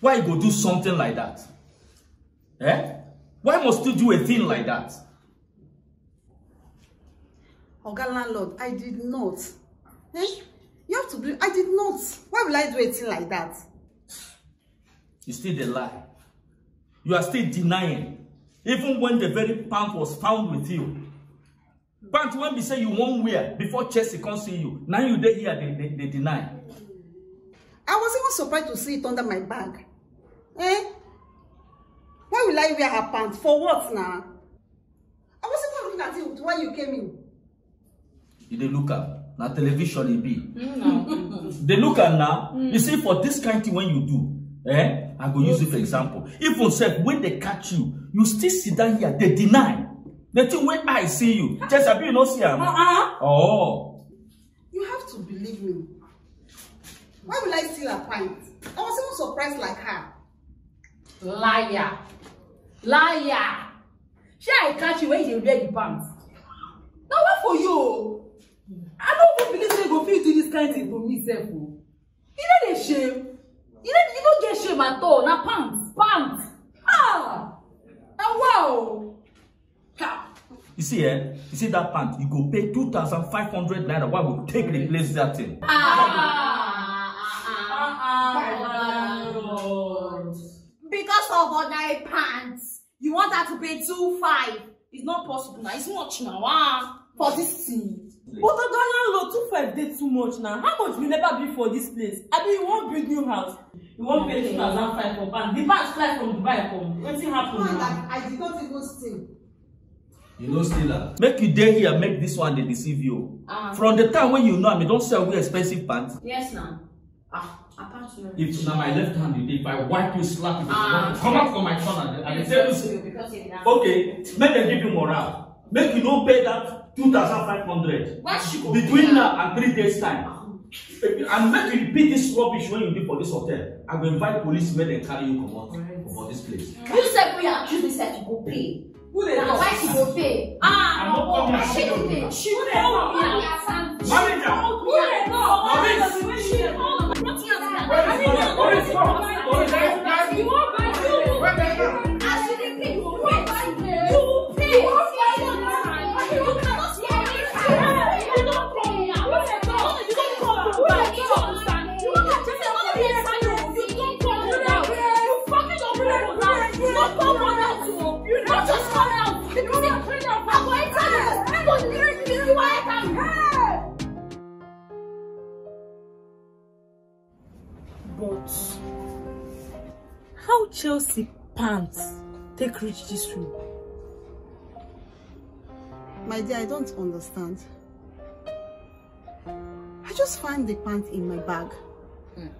why you go do something like that eh why must you do a thing like that. oga landlord i did not eh you have to do. i did not why will i do a thing like that. you still dey lie you are still denying even when the very pant was found with you pant When we say you won't wear before chelsea come see you Now you dey here they they deny. I was even surprised to see it under my bag. Eh? Why will I wear her pants? For what now? I was even looking at you when you came in. You dey look am. now. television e be. No. They look at now. Mm. You see, for this kind of thing when you do, eh? I go use it for example. Even sef, when they catch you, you still sit down here, they deny. The thing when I see you, just abi you no see am. Uh-uh. Oh. You have to believe me. Why will I steal her pint? I was even surprised like her liar liar shey i catch you when you dey wear the pants na well for you o i no even believe say you go fit do this kind thing for me sef o oh. you no dey shame you no you no get shame at all na pants pants ah na wow ka. you see eh you see that pant you go pay two thousand five hundred naira wey go take the place that thing. ah. because of ordinary pants you want her to pay two five it's not possible now. it's much now, ah. for this thing. but oga landlord two five dey too much now. how much will never be for this place I mean, you won't build new house you won't pay two thousand five for bank the bank fly from dubai come wetin happen now. Like, i did not even steal. you know steal make you dey here make this one They deceive you. Uh from the time when you know me, you don sell wey expensive pants. yes now. ah If now my left hand, if I wipe you, slap you, ah, come out from my corner. I yes, tell you, okay, make them give you morale. Make you don't pay that 2,500 between now and three days' time. And make you repeat this rubbish when you do for this hotel. I will invite police men and carry you come out right. for this place. You said we are accused, they said you go pay. Who they now, why she go pay? Ah, no, oh, why she go pay? She go pay. Manager, who they know? Manager, who they know? 我们是祖国的 how Chelsea pants take reach this room? My dear, I don't understand. I just found the pants in my bag. Mm.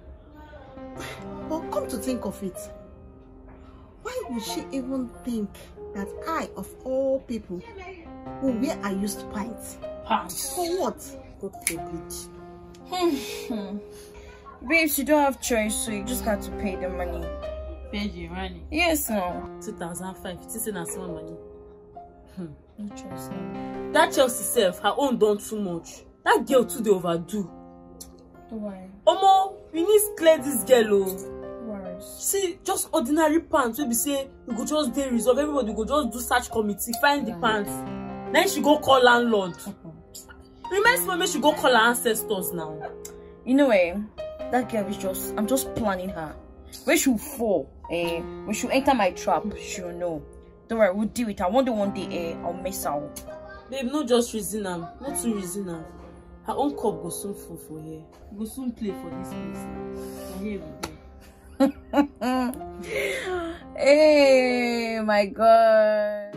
But come to think of it, why would she even think that I, of all people, will wear a used pants? Pants? For what? Go to the hmm, beach. Hmm. Babes, you don't have choice, so you just got to pay the money. Page money. Yes, ma'am. 2005. It is not small money. Hmm. choice. That Chelsea self, her own done too much. That girl too they overdo. Why? Omo, we need to clear this girl, oh. See, just ordinary pants. We be say we go just dey resolve. Everybody go just do search committee, find the pants. Then she go call landlord. Uh-huh. Reminds me, she go call her ancestors now. You know, eh? That girl is just. I'm just planning her. When she fall, eh, when she enter my trap, she'll know. Don't worry, we'll deal with her. One day, one day, eh, I'll mess her up. Babe, not just reason her. Not to reason her. Her own cup go soon full for here. Go soon play for this place now. hey, eh, my God.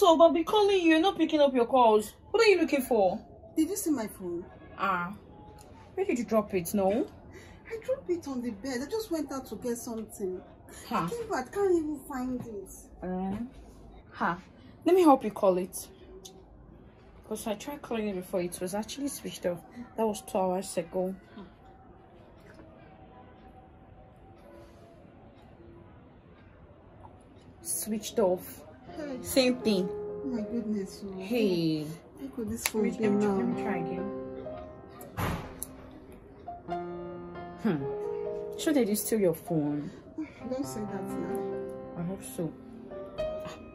so, but I'll be calling you, not picking up your calls. What are you looking for? Did you see my phone? Ah. Where did you drop it, no? I dropped it on the bed. I just went out to get something. I came back, can't even find it. Uh, eh. huh. Let me help you call it. Because I tried calling it before. It was actually switched off. That was two hours ago. Switched off. Same thing. Oh my goodness. Hey. How could this phone Let me try again. Hmm. Sure that is still your phone. Don't say that now. I hope so.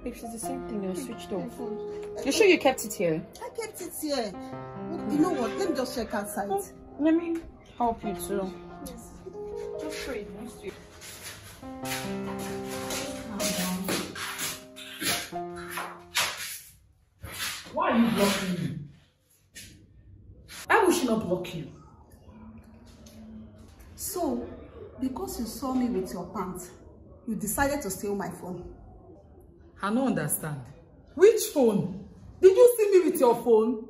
If it's the same thing, you're switched off. You sure you kept it here? I kept it here. You know what? Let me just check outside. Hmm. Let me help you too. So, because you saw me with your pants, you decided to steal my phone. I don't understand. Which phone? Did you see me with your phone?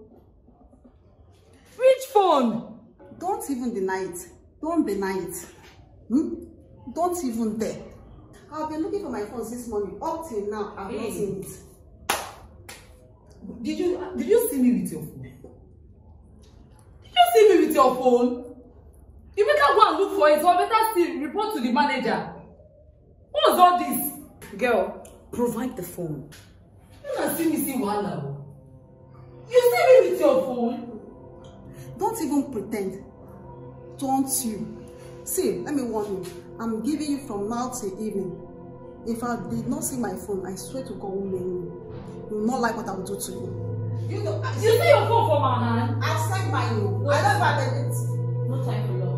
Which phone? Don't even deny it. Don't deny it. Hmm? Don't even dare. I've been looking for my phone this morning. Up till now, I've hey. not seen it. Did you did you see me with your phone? Did you see me with your phone? look for it or better still report to the manager what's all this. girl provide the phone. you na see me see one now. you see me with your phone. don't even pretend. Don't you see let me warn you i'm giving you from now till evening if i did not see my phone i swear to god who you will not like what i will do to you. you know you see your phone for my hand. i sign my own i don't even have it. no time for love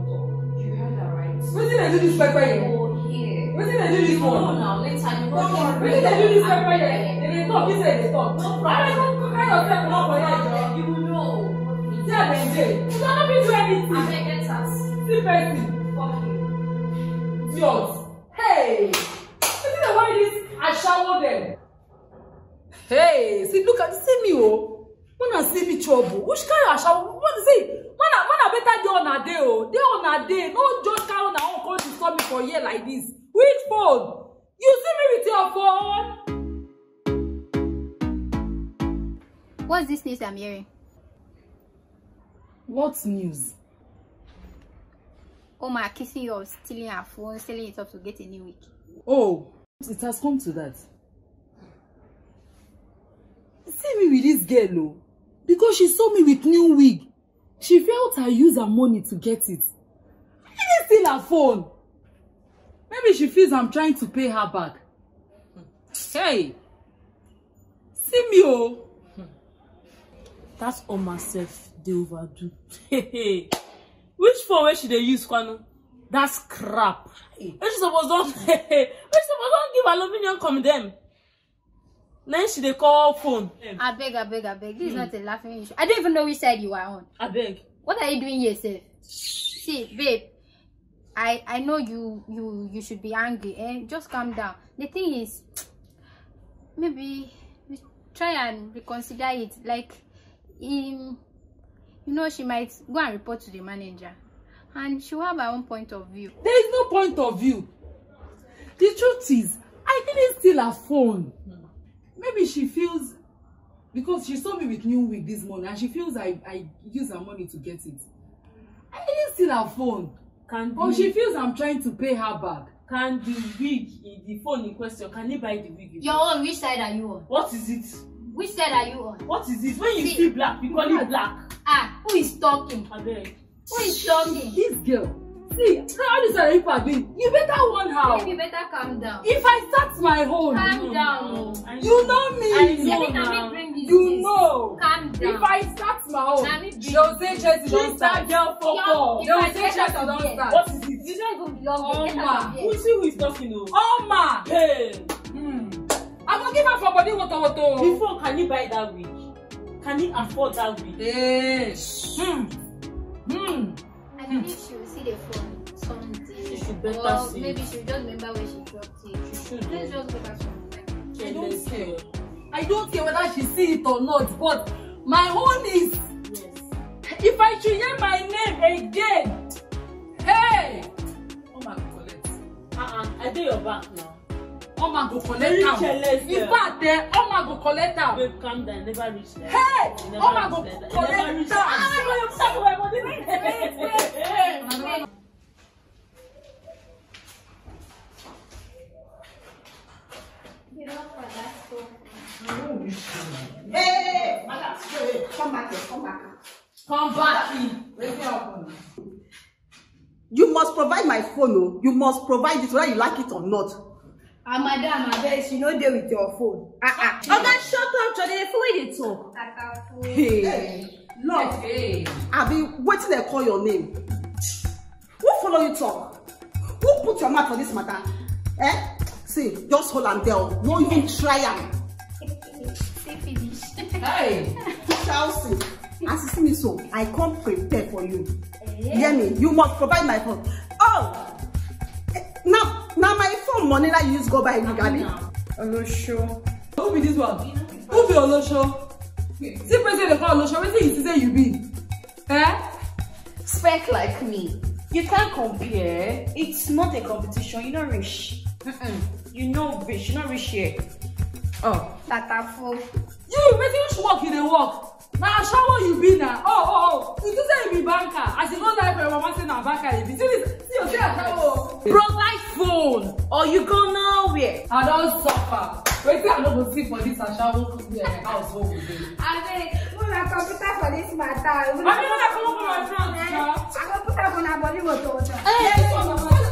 wetin i do this pepper yẹn wetin i do this one wetin i do this pepper yẹn dem dey talk this side dey talk No problem. come come carry your pep comot for here jọ you know see as dem dey you no fit do anything see person yours hey wetin dey worry this asawo dem. hey see look at see me o. Oh una see me trouble which kind of ashawo what is it mana I better dey una oh, dey o dey a day. no just carry una own come disturb me for here like this which phone you see me with your phone. what's this news i'm hearing. what news. Oma oh, accusing you of stealing her phone, selling it off to get a new week. Oh, it has come to that. See me with this girl, oh because she saw me with new wig she felt i use her money to get it i dey steal her phone maybe she feels i'm trying to pay her back hey see me oh. That's oma myself. They overdo which phone where should they use kwano that's crap Where she suppose don wey she suppose don give aluminium condemn. Then she dey call phone. beg, I beg. This mm. is not a laughing issue. I don't even know which side you are on. I beg. What are you doing here, sir? See, babe. I I know you you you should be angry. Eh? Just calm down. The thing is, maybe we try and reconsider it. Like, um, you know, she might go and report to the manager, and she will have her own point of view. There is no point of view. The truth is, I didn't steal her phone. Mm. maybe she feels because she saw me with new wig this morning and she feels I I use her money to get it I didn't steal her phone can but she feels I'm trying to pay her back can the wig in the phone in question can you buy the wig again? your own which side are you on what is it which side are you on what is it when you see, see black we call you black ah who is talking abeg who is talking this girl See, all this are be? You better warn her. you better calm down. If I start my own. Calm down. I you know me. I know now. you know. Calm down. If I start my own, she'll say Chelsea don't start. Girl, fuck off. They'll say don't start. What is it? You don't even belong here. Oma. Who see who is talking to? Oma. Hey. Hmm. I'm gonna give her for body water water. Before, can you buy that wig? Can you afford that wig? Yes. Hmm. Hmm. Hmm. maybe she will see the phone someday. She should better or see. maybe she will just remember where she dropped it. She should. Let's just go back to I don't care. I don't care whether she see it or not, but my own is. Yes. If I should hear my name again, hey! Oma go collect. Uh-uh, I dey your back now. Oma go collect am. In fact, eh, Oma go collect am. Babe, calm down, never reach there. Hey! Oma go collect am. Ah, must provide it whether you like it or not. ah madam abeg she no there with your phone. ah ah oga shut up Jordan. dey follow you to? talk. hey love hey. abi wetin dey call your name who follow you talk who put your mouth on this matter eh see just hold am there o no even try am. hey chelsea as you see me so i come prepare for you. Hey. Eh? hear me you must provide my phone. oh even money that you use go buy nigga bi. olosho. who be this one who be olosho see person dey call olosho wetin you say you be. Eh? spec like me you can't compare it's not a competition you not rich. you no rich. you not rich yet. Oh. tatafo. you wetin which work you dey work na ashawo you be na oh oh oh you too say you be banker as you go lie for your mama say na banker you be see this see your say ashawo. provide phone or you go nowhere. i don suffer wetin i no go see for this ashawo house wey we dey. abeg no na computer for this matter. abi no na comot for my front. Eh, i go put am for na body water water.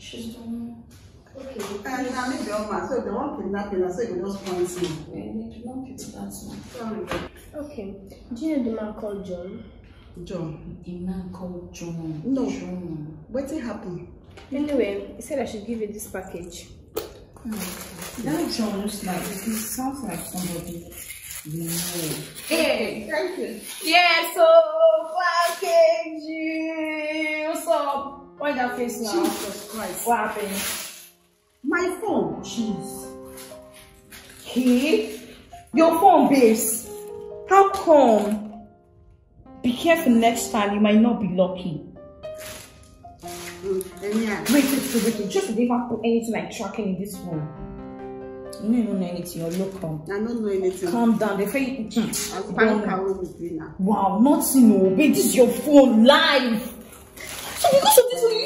She's the one. Okay. And now maybe your man, so the one kidnapping, so you just point him. Yeah, they do not pity that Sorry. Okay. Do you know the man called John? John. The man called John. No. John. What happened? Anyway, he said I should give you this package. Mm. That John looks like he sounds like somebody. Yeah. Hey, thank you. Yeah, so package you. What's Why that face now? Jesus Christ. What happened? My phone. Jeez. Hey, your phone, base. How come? Be careful next time. You might not be lucky. Mm, yeah. Wait, wait, wait, wait. Just leave never put anything like tracking in this phone. You don't know anything. You're local. I don't know anything. Calm down. They say, i am find out what we doing Wow, Not No, oh. babe, this is your phone life. 手机，手机。